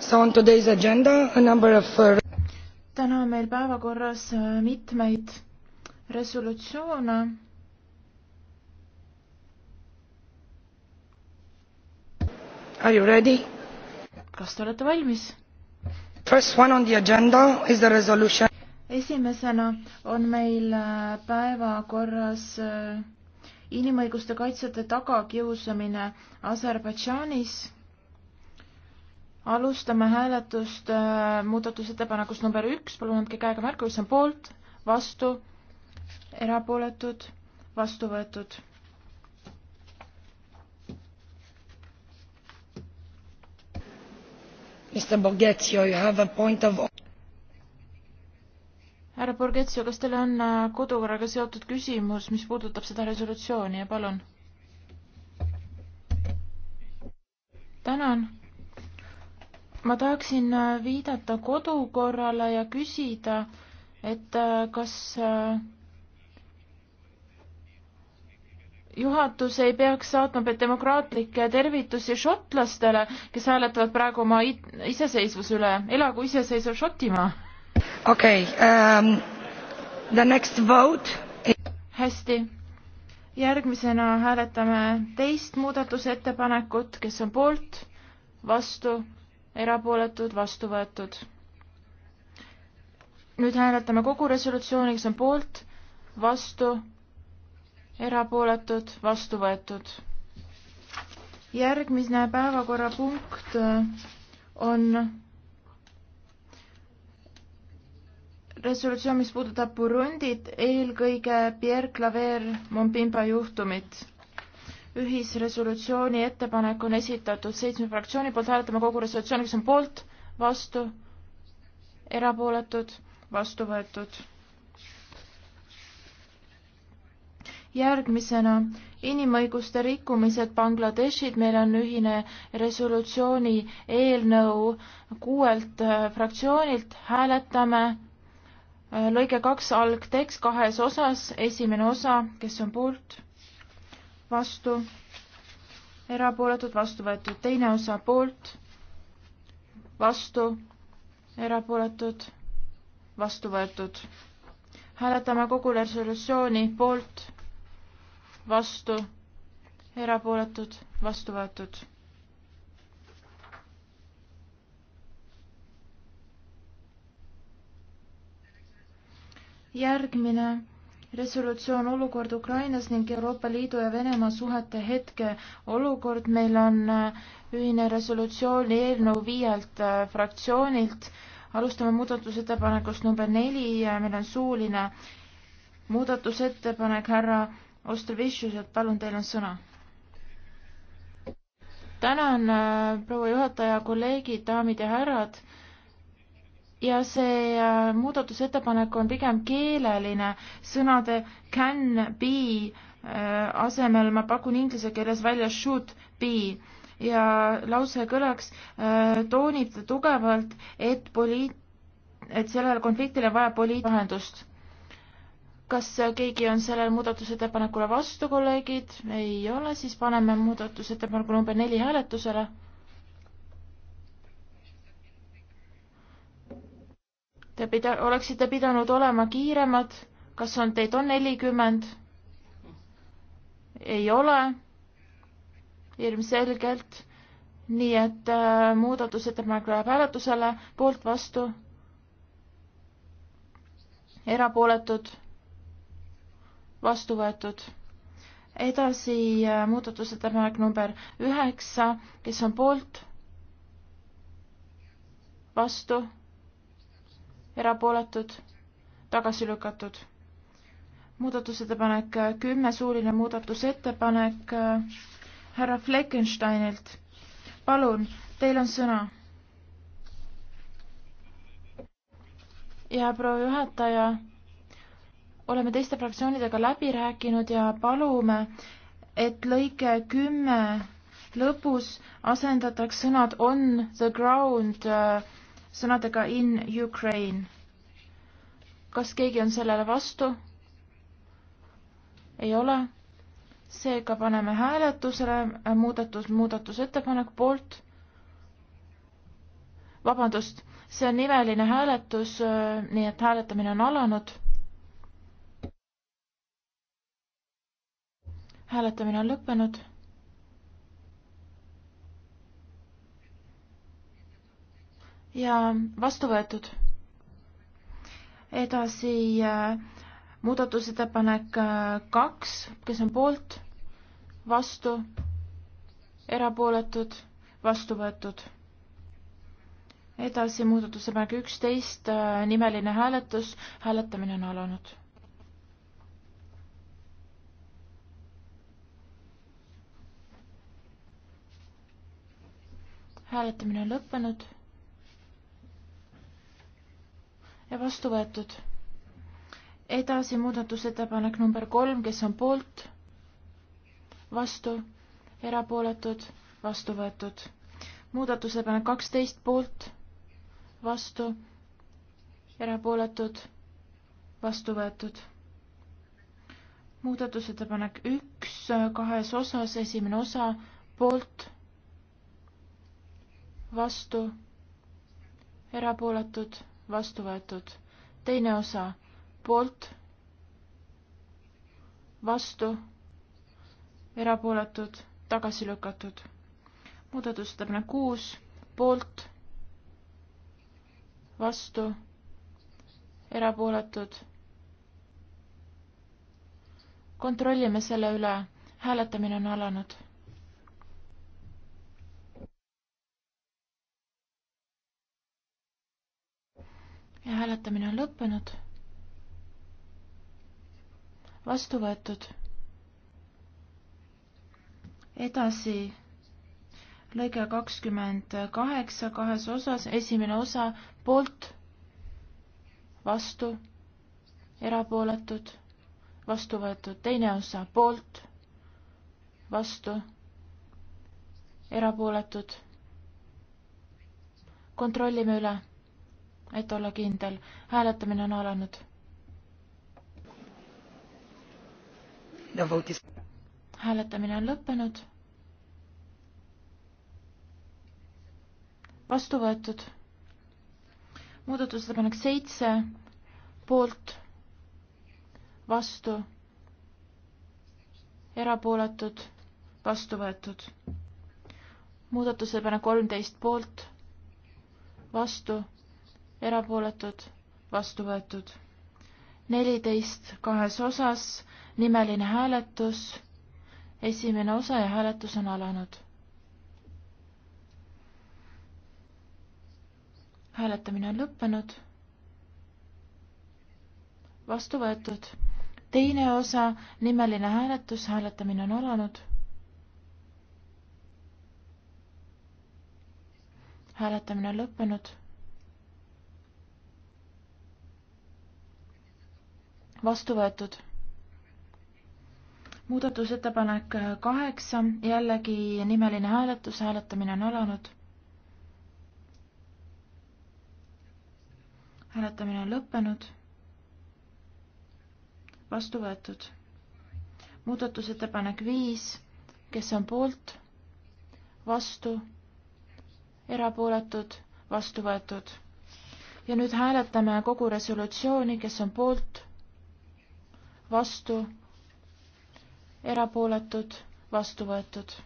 So on today's agenda a number of uh, täna on meil päevakorras äh, mitmeid resolutsioone. Are you ready? kas te olete valmis? First one on the agenda is the resolution esimesena on meil äh, päevakorras äh, inimõiguste kaitsjate tagakiusamine Aserbaidžaanis alustame hääletust äh, muudatusettepanekust number üks, palun andke käega märku, kes on poolt, vastu, erapooletud, vastu võetud. Mr Borghezio, you have a point of härra Borghezio, kas teil on äh, kodukorraga seotud küsimus, mis puudutab seda resolutsiooni ja palun? tänan ma tahaksin äh, viidata kodukorrale ja küsida, et äh, kas äh, juhatus ei peaks saatma demokraatlikke tervitusi šotlastele, kes hääletavad praegu oma iseseisvuse üle, elagu iseseisev Šotimaa. okei okay, um,, ähm, the next vote. hästi, järgmisena hääletame teist muudatusettepanekut, kes on poolt, vastu erapooletud, vastu võetud. nüüd hääletame kogu resolutsiooni, kes on poolt, vastu, erapooletud, vastu võetud. järgmine päevakorrapunkt äh, on resolutsioon, mis puudutab Burundit, eelkõige Pierre Claver Mombimba juhtumit ühisresolutsiooni ettepanek on esitatud seitsme fraktsiooni poolt, hääletame kogu resolutsiooni, kes on poolt, vastu, erapooletud, vastu võetud. järgmisena inimõiguste rikkumised Bangladeshid, meil on ühine resolutsiooni eelnõu kuuelt äh, fraktsioonilt, hääletame äh, lõige kaks algtekst kahes osas, esimene osa, kes on poolt vastu, erapooletud, vastu võetud, teine osa poolt, vastu, erapooletud, vastu võetud. hääletame kogu resolutsiooni poolt, vastu, erapooletud, vastu võetud järgmine resolutsioon olukord Ukrainas ning Euroopa Liidu ja Venemaa suhete hetke olukord. meil on äh, ühine resolutsiooni eelnõu viielt äh, fraktsioonilt. alustame muudatusettepanekust number neli, meil on suuline muudatusettepanek härra Ostrovitšuselt, palun, teil on sõna. tänan, äh, proua juhataja, kolleegid, daamid ja härrad ja see äh, muudatusettepanek on pigem keeleline, sõnade can be äh, asemel ma pakun inglise keeles välja should be ja lause kõlaks äh, toonitada tugevalt, et poliit-, et sellele konfliktile vaja poliitlahendust. kas keegi on sellele muudatusettepanekule vastu, kolleegid? ei ole, siis paneme muudatusettepaneku number neli hääletusele Te pida-, oleksite pidanud olema kiiremad, kas on, teid on nelikümmend? ei ole, ilmselgelt. nii et äh, muudatusettepanek läheb hääletusele, poolt, vastu, erapooletud, vastu võetud edasi äh, muudatusettepanek number üheksa, kes on poolt? vastu? erapooletud, tagasi lükatud. muudatusettepanek kümme, suuline muudatusettepanek äh, härra Fleckensteinilt. palun, teil on sõna. ja proua juhataja, oleme teiste fraktsioonidega läbi rääkinud ja palume, et lõike kümme lõpus asendataks sõnad on the ground äh, sõnadega in Ukraine. kas keegi on sellele vastu? ei ole. seega paneme hääletusele muudatus, muudatusettepanek poolt. vabandust, see on nimeline hääletus, nii et hääletamine on alanud. hääletamine on lõppenud ja vastu võetud. edasi äh, muudatusettepanek äh, kaks, kes on poolt, vastu, erapooletud, vastu võetud. edasi muudatusettepanek üksteist, äh, nimeline hääletus, hääletamine on alanud. hääletamine on lõppenud ja vastu võetud. edasi muudatusettepanek number kolm, kes on poolt, vastu, erapooletud, vastu võetud. muudatusettepanek kaksteist poolt, vastu, erapooletud, vastu võetud muudatusettepanek üks kahes osas, esimene osa poolt, vastu, erapooletud vastu võetud. teine osa poolt, vastu, erapooletud, tagasi lükatud. muudatusettepanek kuus poolt, vastu, erapooletud. kontrollime selle üle, hääletamine on alanud ja hääletamine on lõppenud. vastu võetud. edasi lõige kakskümmend kaheksa kahes osas, esimene osa poolt, vastu, erapooletud, vastu võetud, teine osa poolt, vastu, erapooletud. kontrollime üle et olla kindel. hääletamine on alanud. hääletamine on lõppenud. vastu võetud. muudatusettepanek seitse, poolt, vastu, erapooletud, vastu võetud. muudatusettepanek kolmteist poolt, vastu erapooletud, vastu võetud. neliteist kahes osas, nimeline hääletus, esimene osa ja hääletus on alanud. hääletamine on lõppenud. vastu võetud. teine osa, nimeline hääletus, hääletamine on alanud hääletamine on lõppenud. vastu võetud. muudatusettepanek kaheksa, jällegi nimeline hääletus, hääletamine on alanud. hääletamine on lõppenud. vastu võetud. muudatusettepanek viis, kes on poolt, vastu, erapooletud, vastu võetud. ja nüüd hääletame kogu resolutsiooni, kes on poolt vastu, erapooletud, vastu võetud.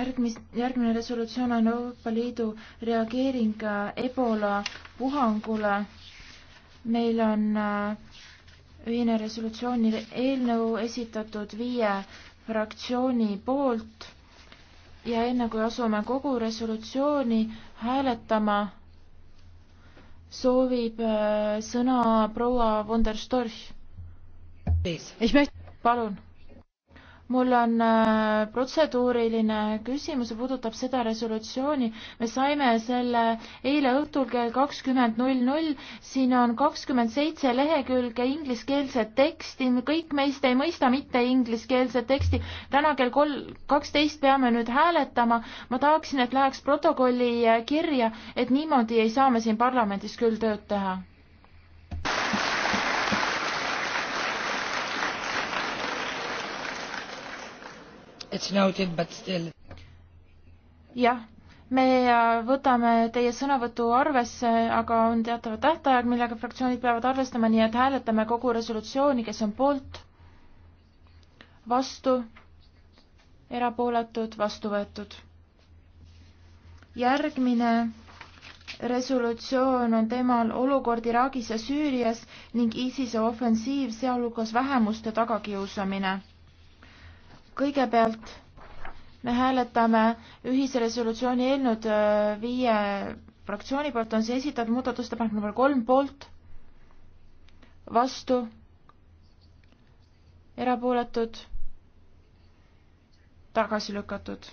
järgmis, järgmine resolutsioon on Euroopa Liidu reageering äh, Ebola puhangule. meil on äh, ühine resolutsiooni eelnõu esitatud viie fraktsiooni poolt ja enne kui asume kogu resolutsiooni hääletama, soovib äh, sõna proua von der Storch. palun mul on äh, protseduuriline küsimus ja puudutab seda resolutsiooni. me saime selle eile õhtul kell kakskümmend null null, siin on kakskümmend seitse lehekülge ingliskeelset teksti, kõik meist ei mõista mitte ingliskeelset teksti. täna kell kolm, kaksteist peame nüüd hääletama. ma tahaksin, et läheks protokolli äh, kirja, et niimoodi ei saa me siin parlamendis küll tööd teha. it's noted, but still. jah, me äh, võtame teie sõnavõtu arvesse, aga on teatav tähtaeg, millega fraktsioonid peavad arvestama, nii et hääletame kogu resolutsiooni, kes on poolt, vastu, erapooletud, vastu võetud. järgmine resolutsioon on teemal olukord Iraagis ja Süürias ning ISISe ofensiiv, sealhulgas vähemuste tagakiusamine kõigepealt me hääletame ühise resolutsiooni eelnõud äh, viie fraktsiooni poolt on see esitatud muudatustepanek number kolm poolt, vastu, erapooletud, tagasi lükatud.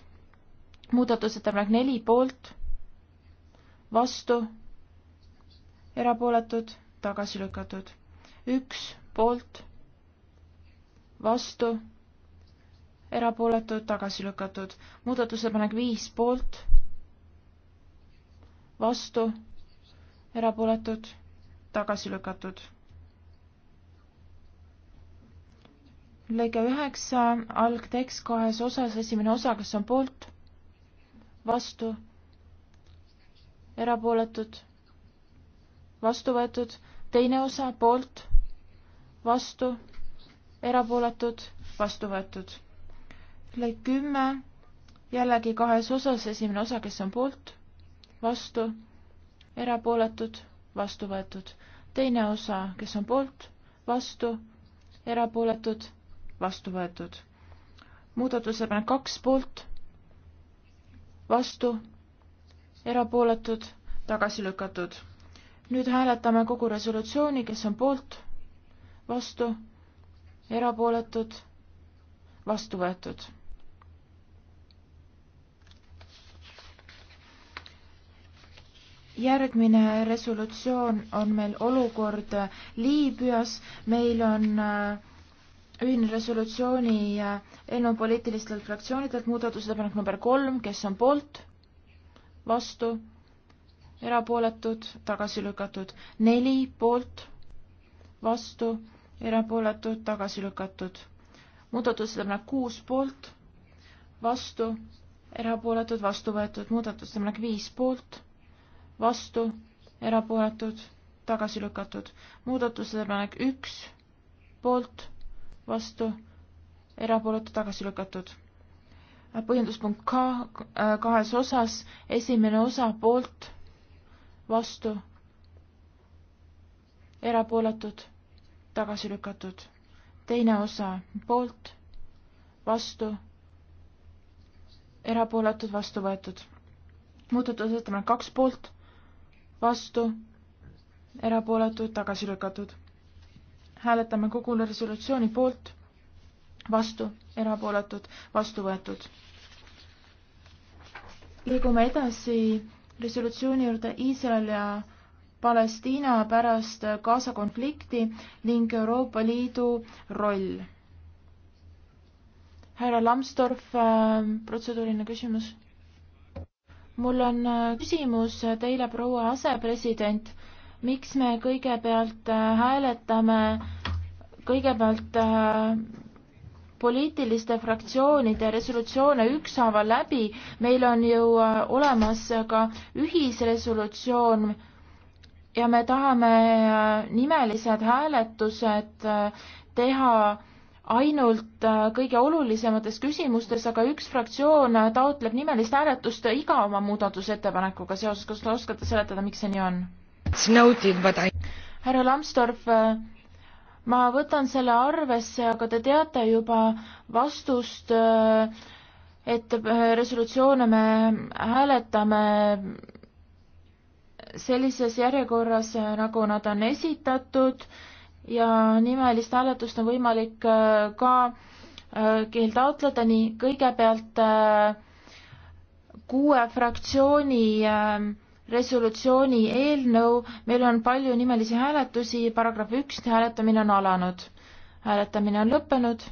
muudatusettepanek neli poolt, vastu, erapooletud, tagasi lükatud. üks poolt, vastu erapooletud, tagasi lükatud. muudatusettepanek viis poolt, vastu, erapooletud, tagasi lükatud. lõige üheksa, algtekst kahes osas, esimene osa, kas on poolt, vastu, erapooletud, vastu võetud, teine osa poolt, vastu, erapooletud, vastu võetud lõik kümme, jällegi kahes osas, esimene osa, kes on poolt, vastu, erapooletud, vastu võetud. teine osa, kes on poolt, vastu, erapooletud, vastu võetud. muudatusettepanek kaks poolt, vastu, erapooletud, tagasi lükatud. nüüd hääletame kogu resolutsiooni, kes on poolt, vastu, erapooletud, vastu võetud järgmine resolutsioon on meil olukord Liibüas, meil on äh, ühine resolutsiooni äh, eelnõu poliitilistelt fraktsioonidelt, muudatusettepanek number kolm, kes on poolt, vastu, erapooletud, tagasi lükatud, neli poolt, vastu, erapooletud, tagasi lükatud. muudatusettepanek kuus poolt, vastu, erapooletud, vastu võetud, muudatusettepanek viis poolt vastu, erapooletud, tagasi lükatud. muudatusettepanek üks, poolt, vastu, erapooletu, tagasi lükatud. põhjenduspunkt K äh, kahes osas, esimene osa poolt, vastu, erapooletud, tagasi lükatud. teine osa poolt, vastu, erapooletud, vastu võetud. muudatusettepanek kaks poolt vastu, erapooletud, tagasi lükatud. hääletame kogu resolutsiooni poolt, vastu, erapooletud, vastu võetud. liigume edasi resolutsiooni juurde Iisrael ja Palestiina pärast Gaza konflikti ning Euroopa Liidu roll. härra Lambsdorff, äh, protseduuriline küsimus mul on äh, küsimus teile, proua asepresident, miks me kõigepealt äh, hääletame kõigepealt äh, poliitiliste fraktsioonide resolutsioone ükshaaval läbi, meil on ju olemas ka ühisresolutsioon ja me tahame nimelised hääletused teha ainult äh, kõige olulisemates küsimustes, aga üks fraktsioon äh, taotleb nimelist hääletust iga oma muudatusettepanekuga seoses, kas te oskate seletada, miks see nii on? I... härra Lambsdorff, äh, ma võtan selle arvesse, aga te teate juba vastust, et resolutsioone me hääletame sellises järjekorras, nagu nad on esitatud ja nimelist hääletust on võimalik äh, ka äh, keel taotleda, nii kõigepealt äh, kuue fraktsiooni resolutsiooni eelnõu, meil on palju nimelisi hääletusi, paragrahv üks, hääletamine on alanud. hääletamine on lõppenud.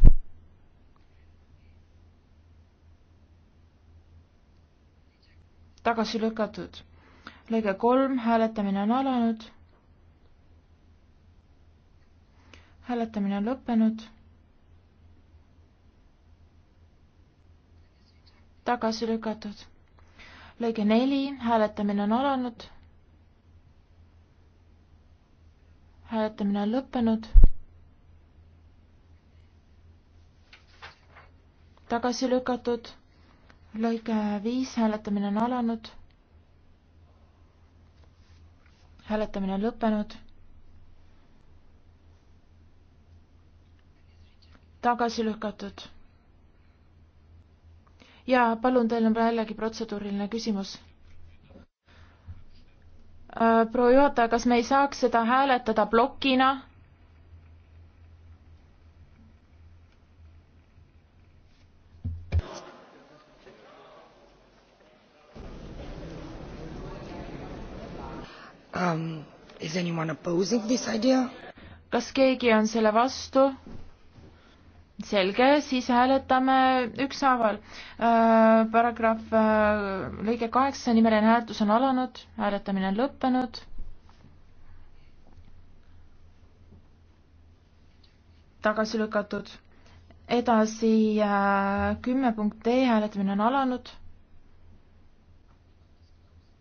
tagasi lükatud. lõige kolm, hääletamine on alanud hääletamine on lõppenud. tagasi lükatud. lõige neli, hääletamine on alanud. hääletamine on lõppenud. tagasi lükatud. lõige viis, hääletamine on alanud. hääletamine on lõppenud tagasi lükatud. ja palun, teil on jällegi protseduuriline küsimus. Äh, proua juhataja, kas me ei saaks seda hääletada plokina? Um, is anyone opposing this idea? kas keegi on selle vastu? selge, siis hääletame ükshaaval. Äh, paragrahv äh, lõige kaheksa, nimeline hääletus on alanud, hääletamine on lõppenud. tagasi lükatud. edasi äh, kümme punkt E, hääletamine on alanud.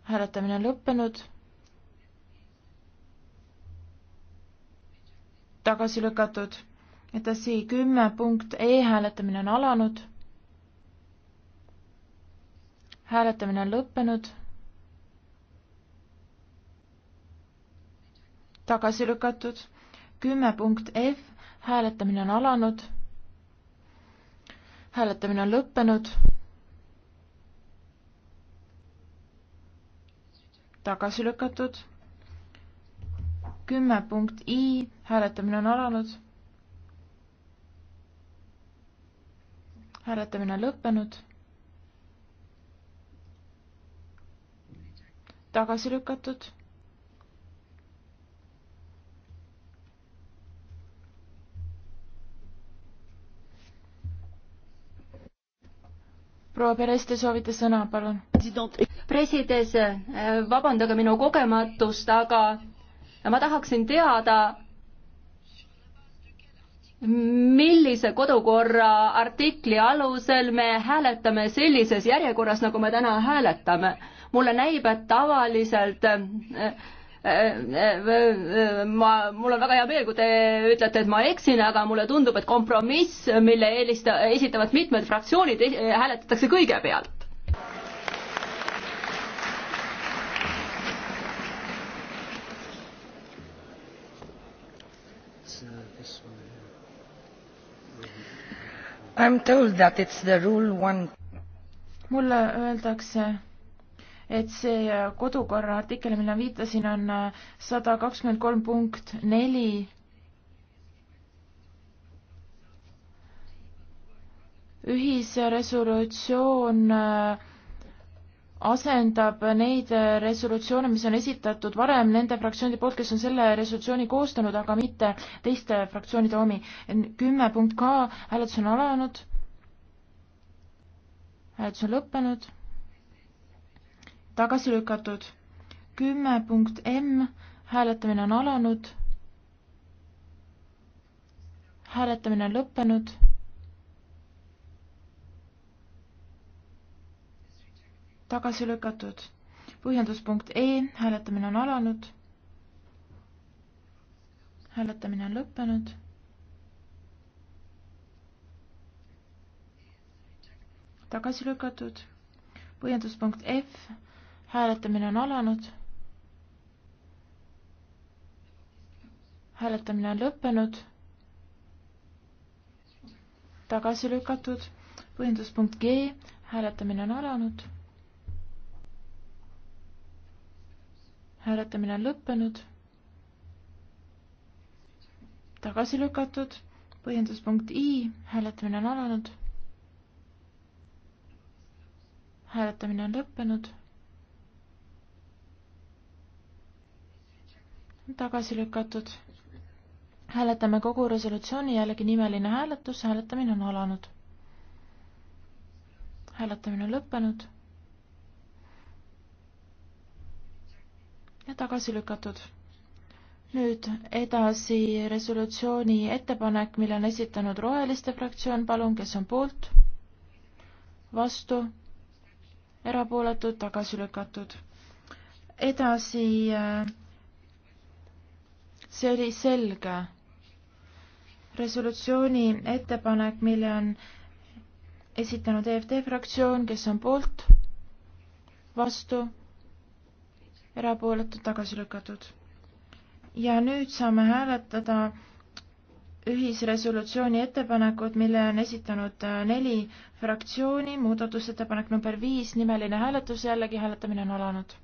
hääletamine on lõppenud. tagasi lükatud edasi kümme punkt E hääletamine on alanud. hääletamine on lõppenud. tagasi lükatud. kümme punkt F hääletamine on alanud. hääletamine on lõppenud. tagasi lükatud. kümme punkt I hääletamine on alanud hääletamine lõppenud. tagasi lükatud. proua Peres, te soovite sõna, palun. presides, vabandage minu kogematust, aga ma tahaksin teada, millise kodukorra artikli alusel me hääletame sellises järjekorras, nagu me täna hääletame. mulle näib, et tavaliselt äh, äh, äh, ma, mul on väga hea meel, kui te ütlete, et ma eksin, aga mulle tundub, et kompromiss, mille eelista-, esitavad mitmed fraktsioonid, eh, hääletatakse kõigepealt. Uh, this one. I am told that it's the rule one. mulle öeldakse, et see kodukorra artikkel, millele viitasin, on sada kakskümmend kolm punkt neli. ühisresolutsioon äh, asendab neid äh, resolutsioone, mis on esitatud varem nende fraktsioonide poolt, kes on selle resolutsiooni koostanud, aga mitte teiste fraktsioonide omi. kümme punkt K, hääletus on alanud. hääletus on lõppenud. tagasi lükatud. kümme punkt M, hääletamine on alanud. hääletamine on lõppenud tagasi lükatud. põhjenduspunkt E, hääletamine on alanud. hääletamine on lõppenud. tagasi lükatud. põhjenduspunkt F, hääletamine on alanud. hääletamine on lõppenud. tagasi lükatud. põhjenduspunkt G, hääletamine on alanud hääletamine on lõppenud. tagasi lükatud, põhjenduspunkt I, hääletamine on alanud. hääletamine on lõppenud. tagasi lükatud. hääletame kogu resolutsiooni, jällegi nimeline hääletus, hääletamine on alanud. hääletamine on lõppenud ja tagasi lükatud. nüüd edasi resolutsiooni ettepanek, mille on esitanud Roheliste fraktsioon, palun, kes on poolt, vastu, erapooletud, tagasi lükatud. edasi, äh, see oli selge resolutsiooni ettepanek, mille on esitanud EFD fraktsioon, kes on poolt, vastu erapooletud tagasi lükatud. ja nüüd saame hääletada ühisresolutsiooni ettepanekut, mille on esitanud äh, neli fraktsiooni, muudatusettepanek number viis, nimeline hääletus, jällegi hääletamine on alanud.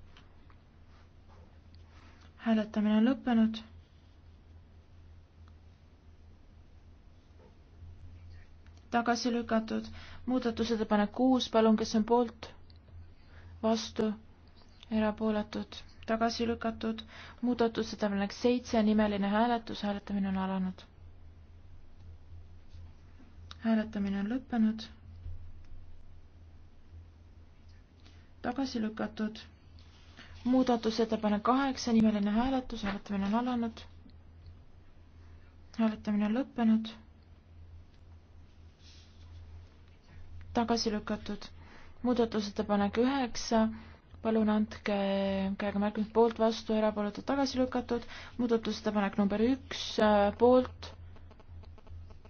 hääletamine on lõppenud. tagasi lükatud muudatusettepanek kuus, palun, kes on poolt? vastu erapooletud, tagasi lükatud, muudatusettepanek seitse, nimeline hääletus, hääletamine on alanud. hääletamine on lõppenud. tagasi lükatud, muudatusettepanek kaheksa, nimeline hääletus, hääletamine on alanud. hääletamine on lõppenud. tagasi lükatud, muudatusettepanek üheksa palun andke käega märkimist poolt vastu, erapooletud tagasi lükatud, muudatusettepanek number üks, äh, poolt,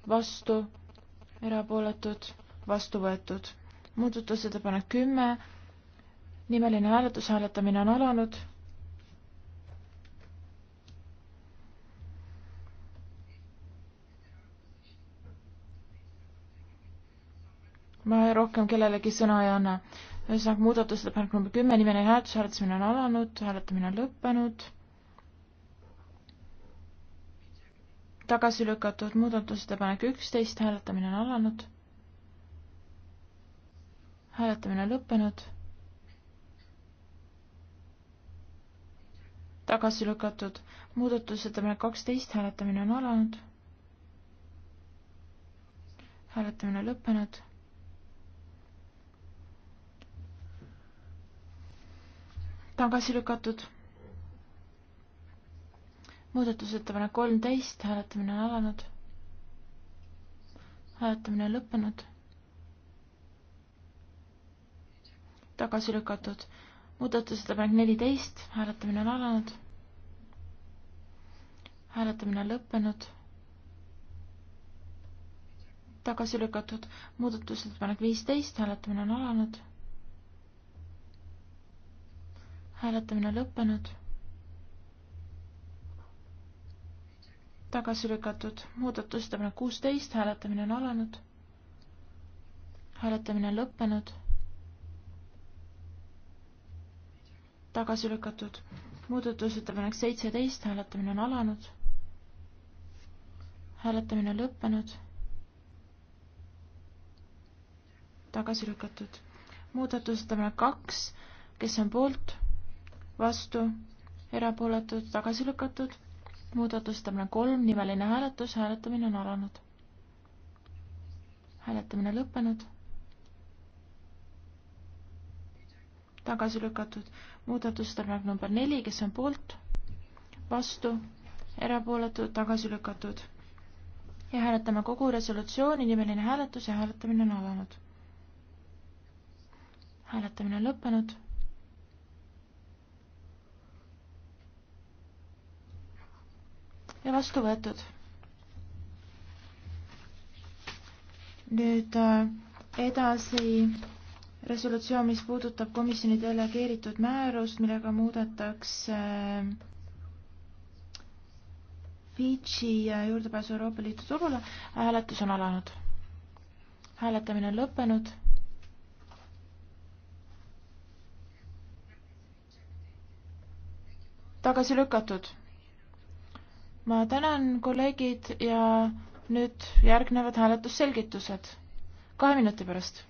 vastu, erapooletud, vastu võetud. muudatusettepanek kümme, nimeline hääletus, hääletamine on alanud. ma rohkem kellelegi sõna ei anna ühesõnaga muudatusettepanek number kümme, nimeline hääletus, hääletamine on alanud, hääletamine on lõppenud. tagasi lükatud muudatusettepanek üksteist, hääletamine on alanud. hääletamine on lõppenud. tagasi lükatud muudatusettepanek kaksteist, hääletamine on alanud. hääletamine on lõppenud tagasi lükatud. muudatusettepanek kolmteist, hääletamine on alanud. hääletamine on lõppenud. tagasi lükatud. muudatusettepanek neliteist, hääletamine on alanud. hääletamine on lõppenud tagasi lükatud. muudatusettepanek viisteist, hääletamine on alanud. hääletamine lõppenud. tagasi lükatud muudatusettepanek kuusteist, hääletamine on alanud. hääletamine on lõppenud. tagasi lükatud muudatusettepanek seitseteist, hääletamine on alanud. hääletamine on lõppenud. tagasi lükatud muudatusettepanek kaks, kes on poolt vastu, erapooletud, tagasi lükatud. muudatustamine kolm, nimeline hääletus, hääletamine on alanud. hääletamine lõppenud. tagasi lükatud. muudatusettepanek number neli, kes on poolt, vastu, erapooletud, tagasi lükatud. ja hääletame kogu resolutsiooni, nimeline hääletus ja hääletamine on alanud. hääletamine on lõppenud ja vastu võetud. nüüd äh, edasi resolutsioon, mis puudutab komisjoni delegeeritud määrust, millega muudetakse äh, Fidži äh, juurdepääsu Euroopa Liidu turule. hääletus on alanud. hääletamine on lõppenud. tagasi lükatud ma tänan, kolleegid, ja nüüd järgnevad hääletusselgitused kahe minuti pärast